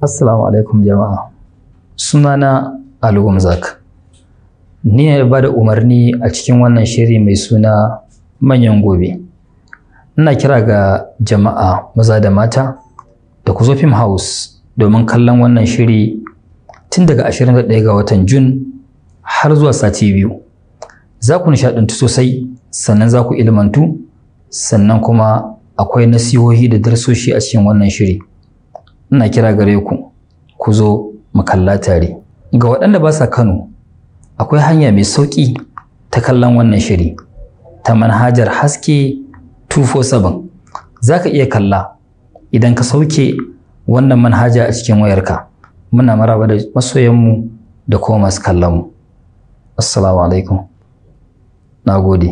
Assalamu alaikum jama'a. Sunana Ali Umzak. Ni ne ba da umarni a cikin wannan shiri mai suna manyan gobe. Ina kira ga jama'a maza da mata da ku zo Film House domin kallon wannan shiri tun daga 21 ga watan Jun har zuwa sati biyu. Za ku nishaɗantu sosai sannan za ku ilmantu sannan kuma akwai nasihohi da darsoshi a cikin wannan shiri. ina kira gare ku ku zo mu kalla tare ga waɗanda ba sa Kano akwai hanya mai sauƙi ta kallon wannan shiri ta manhajar haske 247 za ka iya kalla idan ka sauke wannan manhaja a cikin wayarka muna maraba da masoyanmu da kuma masu kallonmu assalamu alaikum na gode